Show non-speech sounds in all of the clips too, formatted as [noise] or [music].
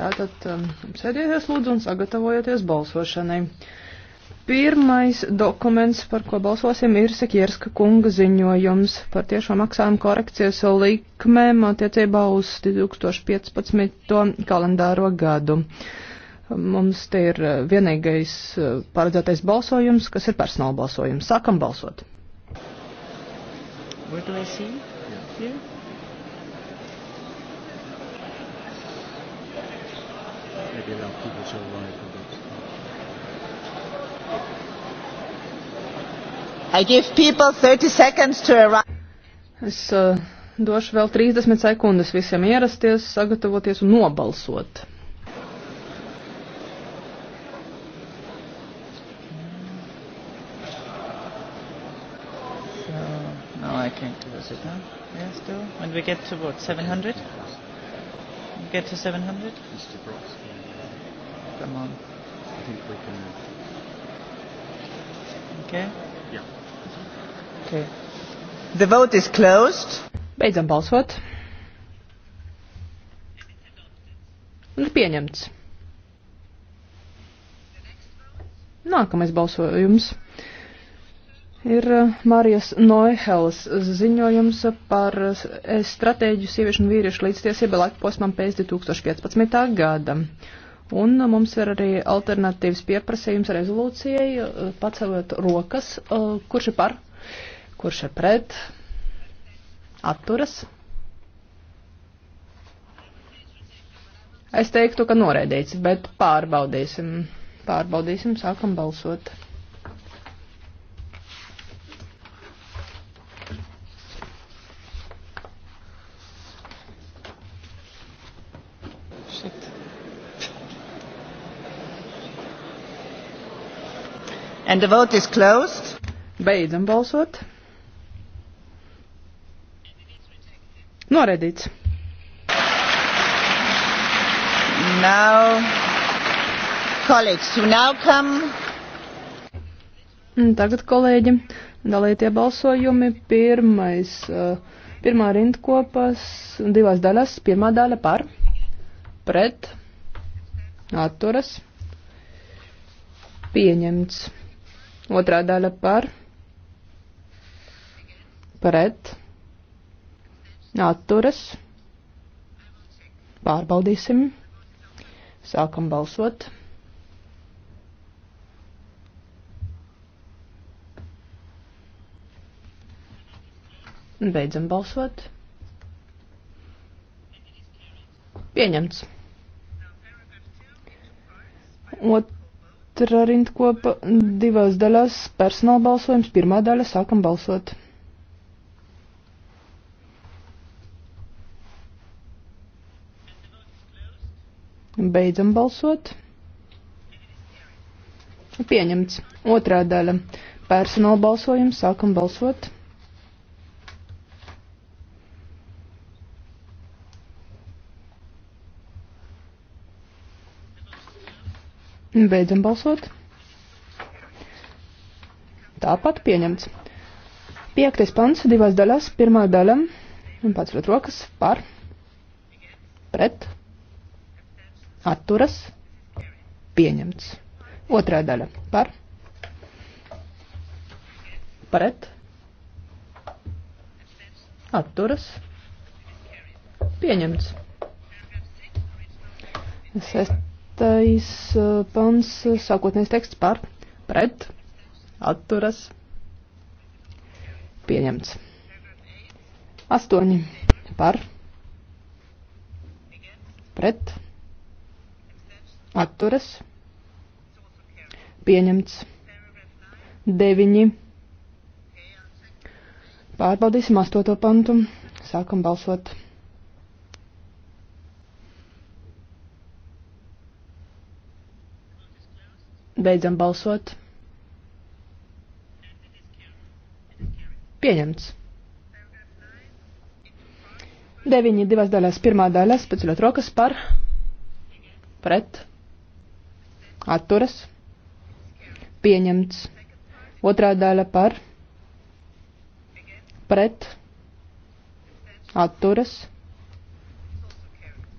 Tātad um, sēdieties lūdzu un sagatavojieties balsošanai. Pirmais dokuments, par ko balsosim, ir Sekierska kunga ziņojums par tiešo maksājumu korekcijas likmēm attiecībā uz 2015. kalendāro gadu. Mums te ir uh, vienīgais uh, paredzētais balsojums, kas ir personāla balsojums. Sākam balsot. Where do I see? Yeah. Here? to allow people to arrive at that. I give people 30 seconds to arrive. Es uh, došu vēl 30 sekundes visiem ierasties, sagatavoties un nobalsot. is it now? Yeah, still. When we get to what, 700? Get to 700? Mr. Brooks, yeah them on? I think we can. Okay? Yeah. Okay. The vote is closed. Beidzam balsot. Un ir pieņemts. Nākamais balsojums ir uh, Marijas Noihelas ziņojums par uh, stratēģiju sieviešu un vīriešu līdztiesību laika posmam pēc 2015. gada. Un mums ir arī alternatīvs pieprasījums rezolūcijai, eh, pacelot rokas, eh, kurš ir par, kurš ir pret, atturas. Es teiktu, ka noraidīts, bet pārbaudīsim. Pārbaudīsim, sākam balsot. And the vote is closed. Beidzam balsot. Noredīts. Now, colleagues, who now come. Tagad, kolēģi, dalītie balsojumi. Pirmais, uh, pirmā rindkopas, divās daļas. Pirmā daļa par, pret, atturas, pieņemts. Otrā daļa par. Pret. Atturas. Pārbaudīsim. Sākam balsot. Beidzam balsot. Pieņemts. Ot Tagad ir rindkopa divās daļās personāla balsojums. Pirmā daļa sākam balsot. Beidzam balsot. Pieņemts. Otrā daļa personāla balsojums sākam balsot. Beidzam balsot. Tāpat pieņemts. Piektais pants divās daļās. Pirmā daļa un pats pret rokas par, pret, atturas, pieņemts. Otrā daļa par, pret, atturas, pieņemts. Sest Uh, pants, sākotnējais teksts par, pret, atturas, pieņemts. Astoņi par, pret, atturas, pieņemts. Deviņi. Pārbaudīsim astoto pantu. Sākam balsot. Beidzam balsot. Pieņemts. Deviņi divas daļās. Pirmā daļā speciālot rokas par, pret, atturas, pieņemts. Otrā daļa par, pret, atturas,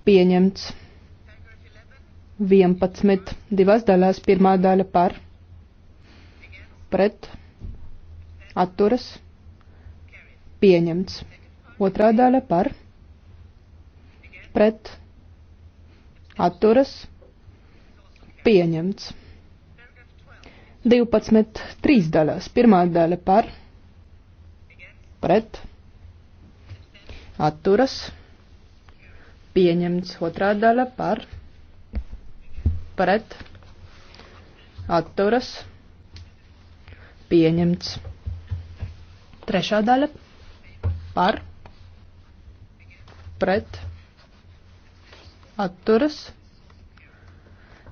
pieņemts. 11. Divās daļās. Pirmā daļa par. Pret. Atturas. Pieņemts. Otrā daļa par. Pret. Atturas. Pieņemts. 12. Trīs daļās. Pirmā daļa par. Pret. Atturas. Pieņemts. Otrā daļa par. Pret pret atturas pieņemts. Trešā daļa par pret atturas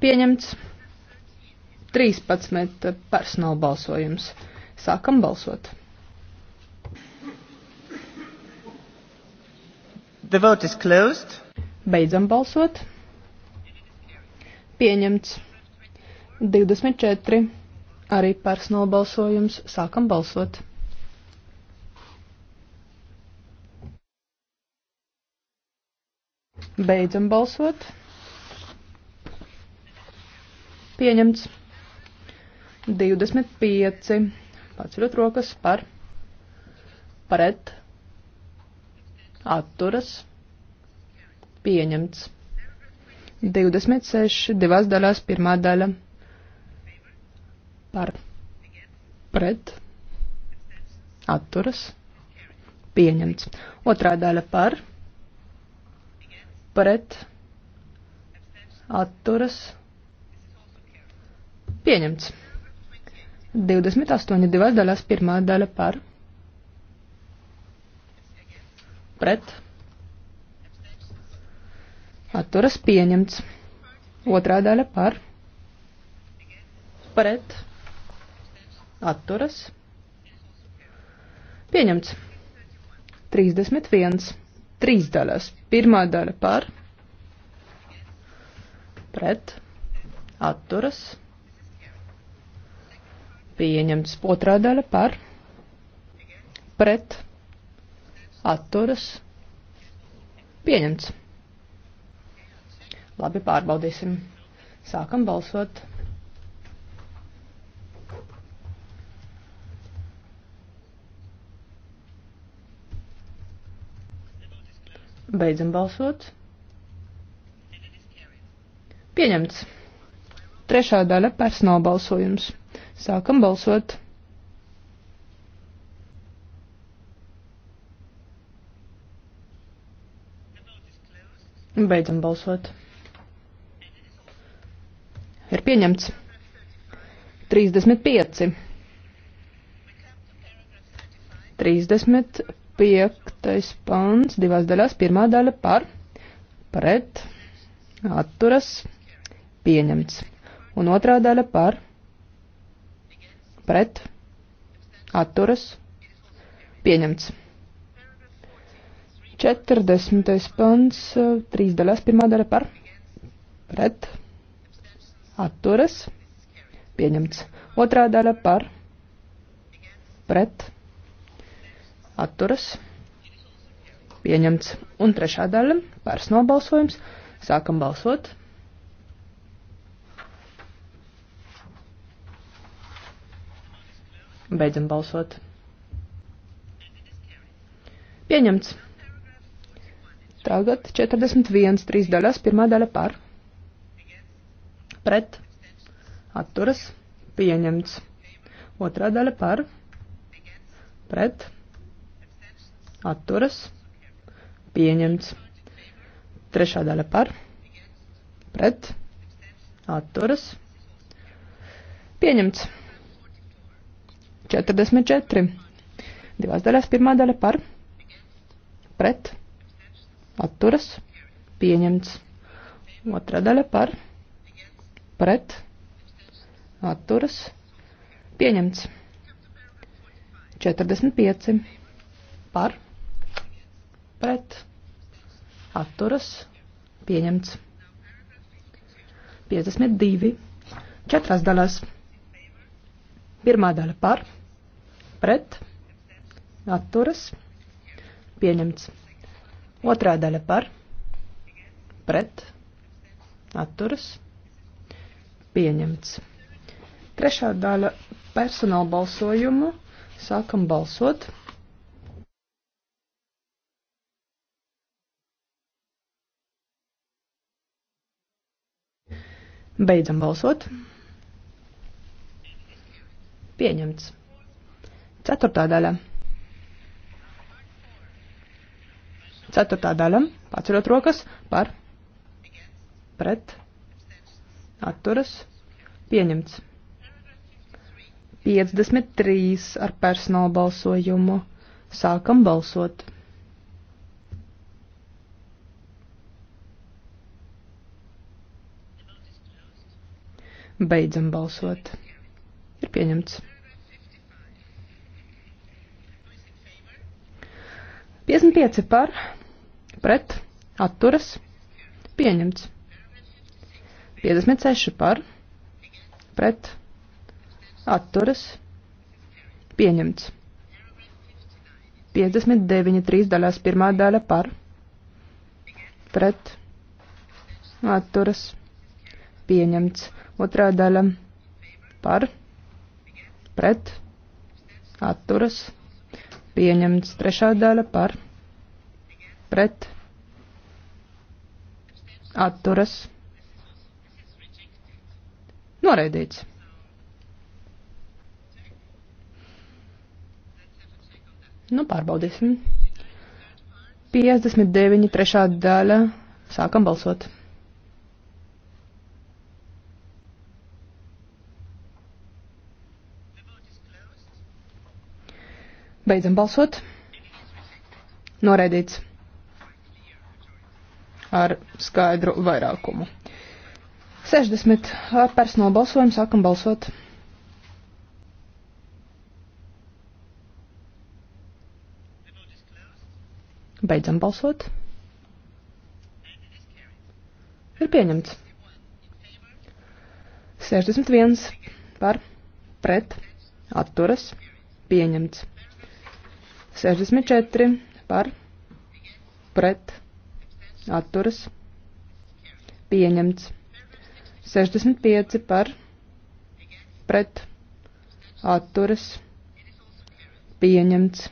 pieņemts. 13 personāla balsojums. Sākam balsot. The vote is closed. Beidzam balsot. Pieņemts. 24. Arī personāla balsojums. Sākam balsot. Beidzam balsot. Pieņemts. 25. Paceļot rokas par. Pret. Atturas. Pieņemts. 26, divās daļās, pirmā daļa par pret, atturas, pieņemts. Otrā daļa par pret, atturas, pieņemts. 28, divās daļās, pirmā daļa par pret, atturas Atturas pieņemts. Otrā daļa par. Pret. Atturas. Pieņemts. 31. Trīs daļas. Pirmā daļa par. Pret. Atturas. Pieņemts. Otrā daļa par. Pret. Atturas. Pieņemts. Labi, pārbaudīsim. Sākam balsot. Beidzam balsot. Pieņemts. Trešā daļa - personāla balsojums. Sākam balsot. Beidzam balsot ir pieņemts. 35. 35. pants divās daļās. Pirmā daļa par, pret, atturas, pieņemts. Un otrā daļa par, pret, atturas, pieņemts. 40. pants, trīs daļās, pirmā daļa par, pret, atturas, pieņemts. Otrā daļa par, pret, atturas, pieņemts. Un trešā daļa pāris nobalsojums, sākam balsot. Beidzam balsot. Pieņemts. Tagad 41, trīs daļas, pirmā daļa par pret, atturas, pieņemts. Otrā daļa par, pret, atturas, pieņemts. Trešā daļa par, pret, atturas, pieņemts. 44. Divās daļās pirmā daļa par, pret, atturas, pieņemts. Otra daļa par, pret pret, atturas, pieņemts. 45 par, pret, atturas, pieņemts. 52 četrās daļās. Pirmā daļa par, pret, atturas, pieņemts. Otrā daļa par, pret, atturas, pieņemts Pieņemts. Trešā daļa personāla balsojumu. Sākam balsot. Beidzam balsot. Pieņemts. Ceturtā daļa. Ceturtā daļa. Paceļot rokas par. Pret atturas pieņemts. 53 ar personālu balsojumu. Sākam balsot. Beidzam balsot. Ir pieņemts. 55 par, pret, atturas, pieņemts. 56 par, pret, atturas, pieņemts. 59 trīs daļās pirmā daļa par, pret, atturas, pieņemts. Otrā daļa par, pret, atturas, pieņemts. Trešā daļa par, pret, atturas, pieņemts Noraidīts. Nu, pārbaudīsim. 59. trešā daļa. Sākam balsot. Beidzam balsot. Noraidīts. Ar skaidru vairākumu. 60 personāla balsojumu sākam balsot. Beidzam balsot. Ir pieņemts. 61 par, pret, atturas, pieņemts. 64 par, pret, atturas, pieņemts. 65 par pret atturas pieņemts.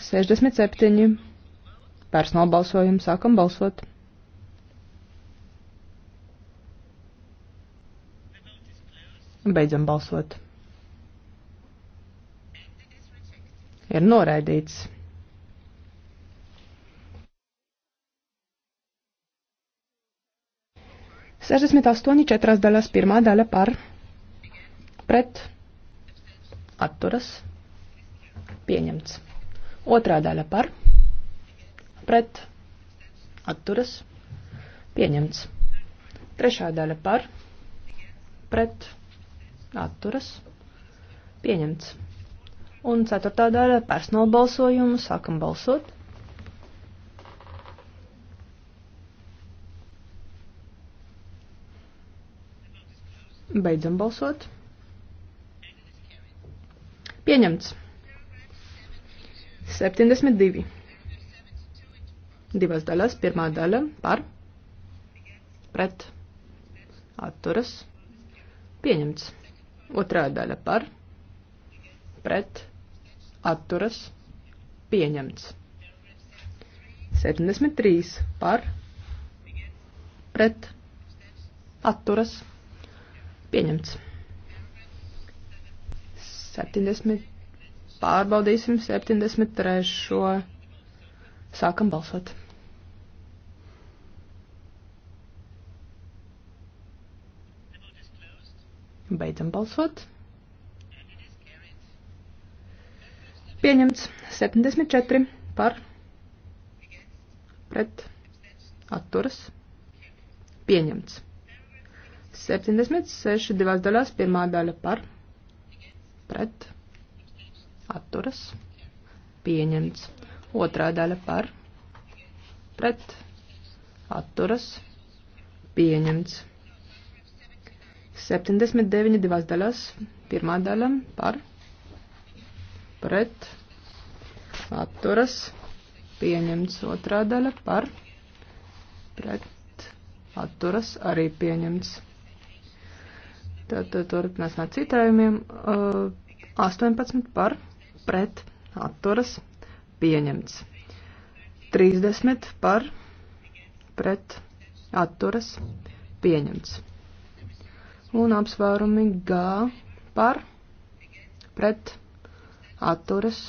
67 personāla balsojumu sākam balsot. Beidzam balsot. Ir noraidīts. 68,40 pirmā daļa par pret atturas pieņemts. Otrā daļa par pret atturas pieņemts. Trešā daļa par pret atturas pieņemts. Un ceturtā daļa personāla balsojumu sākam balsot. Beidzam balsot. Pieņemts. 72. Divas daļas. Pirmā daļa par, pret, atturas. Pieņemts. Otrā daļa par, pret, atturas. Pieņemts. 73 par, pret, atturas. Pieņemts Pieņemts. 70. Pārbaudīsim 73. Sākam balsot. Beidzam balsot. Pieņemts 74 par pret atturas. Pieņemts. 76 divās daļās, pirmā daļa par, pret, atturas, pieņemts. Otrā daļa par, pret, atturas, pieņemts. 79 divās daļās, pirmā daļa par, pret, atturas, pieņemts. Otrā daļa par, pret, atturas, arī pieņemts. Tātad turpinās no citējumiem. 18 par pret atturas pieņemts. 30 par pret atturas pieņemts. Un apsvērumi G par pret atturas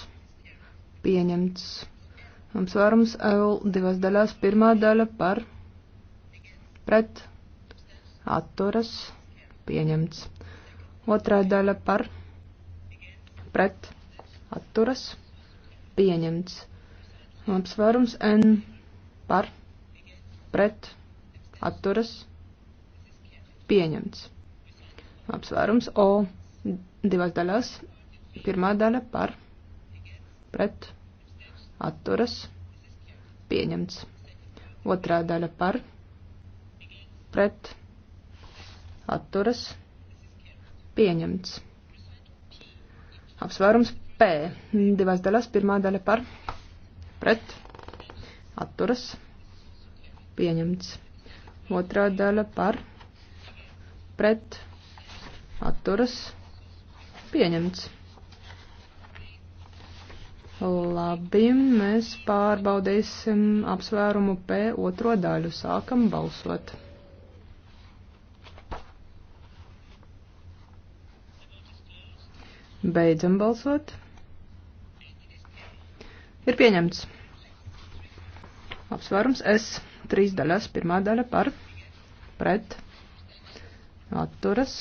pieņemts. Apsvērums L divas daļās. Pirmā daļa par pret atturas pieņemts pieņemts. Otrā daļa par pret atturas pieņemts. Apsvērums N par pret atturas pieņemts. Apsvērums O divās daļās. Pirmā daļa par pret atturas pieņemts. Otrā daļa par pret atturas pieņemts pret atturas pieņemts. Apsvērums P. Divās daļās. Pirmā daļa par pret atturas pieņemts. Otrā daļa par pret atturas pieņemts. Labi, mēs pārbaudīsim apsvērumu P otro daļu. Sākam balsot. Beidzam balsot. Ir pieņemts. Apsvērums S. Trīs daļas. Pirmā daļa par, pret, atturas,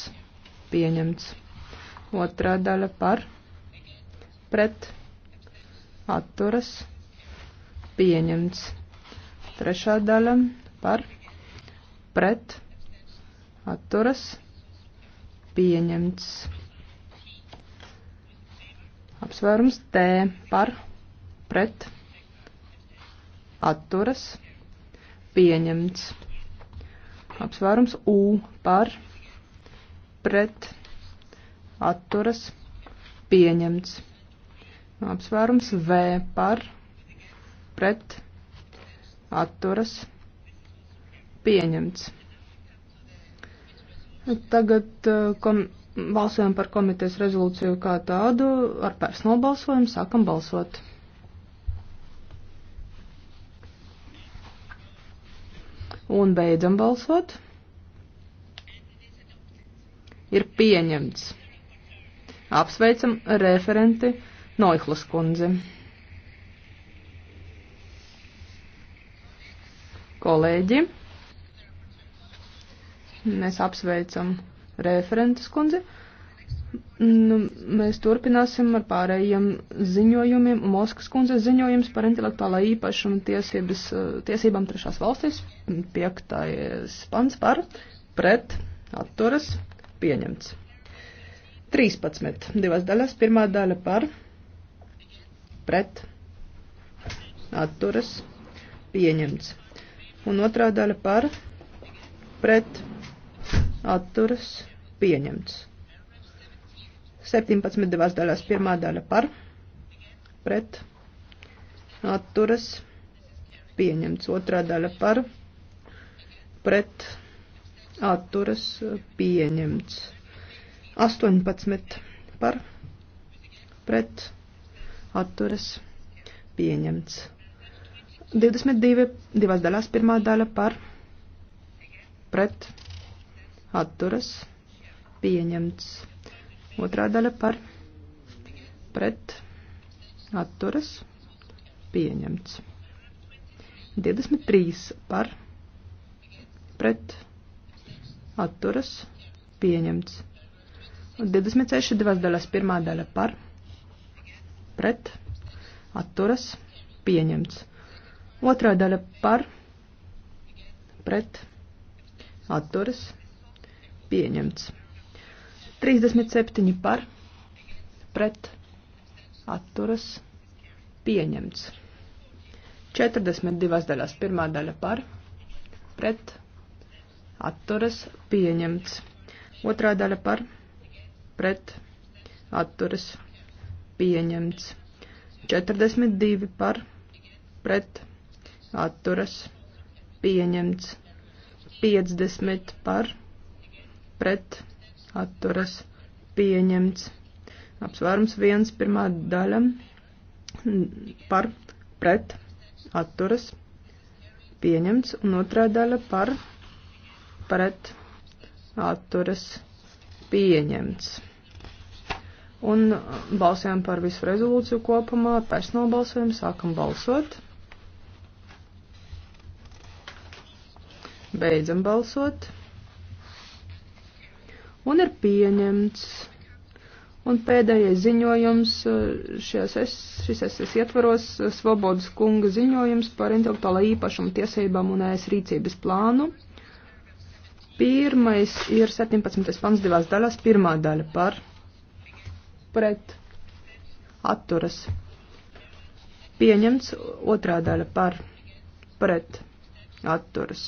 pieņemts. Otrā daļa par, pret, atturas, pieņemts. Trešā daļa par, pret, atturas, pieņemts. Apsvērums T par pret atturas pieņemts. Apsvērums U par pret atturas pieņemts. Apsvērums V par pret atturas pieņemts. Tagad uh, kom balsojam par komitejas rezolūciju kā tādu, ar personālu balsojumu sākam balsot. Un beidzam balsot. Ir pieņemts. Apsveicam referenti Noihlas kundzi. Kolēģi, mēs apsveicam referentes kundzi. Nu, mēs turpināsim ar pārējiem ziņojumiem. Moskas kundzes ziņojums par intelektuālā īpašuma tiesības, eh, tiesībām trešās valstīs. Piektais pants par, pret, atturas, pieņemts. 13. Divas daļas. Pirmā daļa par, pret, atturas, pieņemts. Un otrā daļa par, pret, atturas atturas pieņemts. 17 divās daļās pirmā daļa par, pret, atturas pieņemts. Otrā daļa par, pret, atturas pieņemts. 18 par, pret, atturas pieņemts. 22 divās daļās pirmā daļa par, pret, atturas pieņemts atturas, pieņemts. Otrā daļa par, pret, atturas, pieņemts. 23 par, pret, atturas, pieņemts. 26 divas daļas, pirmā daļa par, pret, atturas, pieņemts. Otrā daļa par, pret, atturas, pieņemts pieņemts. 37 par, pret, atturas, pieņemts. 42 daļās, pirmā daļa par, pret, atturas, pieņemts. Otrā daļa par, pret, atturas, pieņemts. 42 par, pret, atturas, pieņemts. 50 par, pret pret atturas pieņemts. Apsvērums viens pirmā daļa par pret atturas pieņemts un otrā daļa par pret atturas pieņemts. Un balsējām par visu rezolūciju kopumā, pēc nobalsojumu sākam balsot. Beidzam balsot un ir pieņemts. Un pēdējais ziņojums eh, es, šis es ietvaros eh, Svobodas kunga ziņojums par intelektuālā īpašuma tiesībām un ēs rīcības plānu. Pirmais ir 17. pants divās daļās. Pirmā daļa par pret atturas. Pieņemts otrā daļa par pret atturas.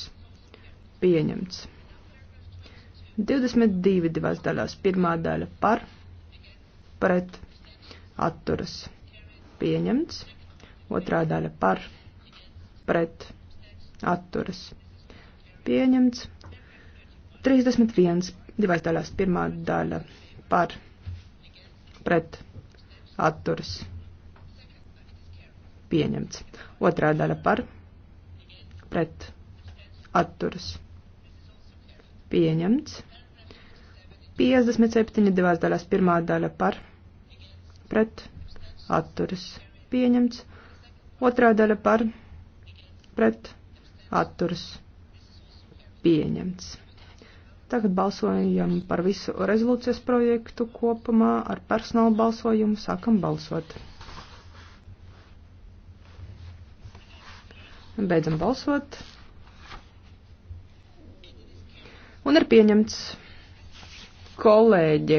Pieņemts. 22 divās daļās. Pirmā daļa par, pret, atturas, pieņemts. Otrā daļa par, pret, atturas, pieņemts. 31 divās daļās. Pirmā daļa par, pret, atturas, pieņemts. Otrā daļa par, pret, atturas, pieņemts pieņemts. 57 divās daļās pirmā daļa par, pret, atturas, pieņemts. Otrā daļa par, pret, atturas, pieņemts. Tagad balsojam par visu rezolūcijas projektu kopumā ar personālu balsojumu. Sākam balsot. Beidzam balsot. un ir pieņemts kolēģi.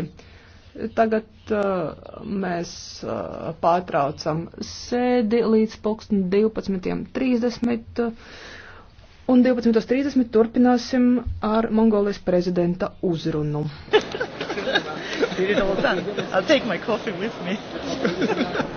Tagad uh, mēs uh, pārtraucam sēdi līdz pulksten 12.30 uh, un 12.30 turpināsim ar Mongolijas prezidenta uzrunu. Did it all done. I'll take my coffee with me. [laughs]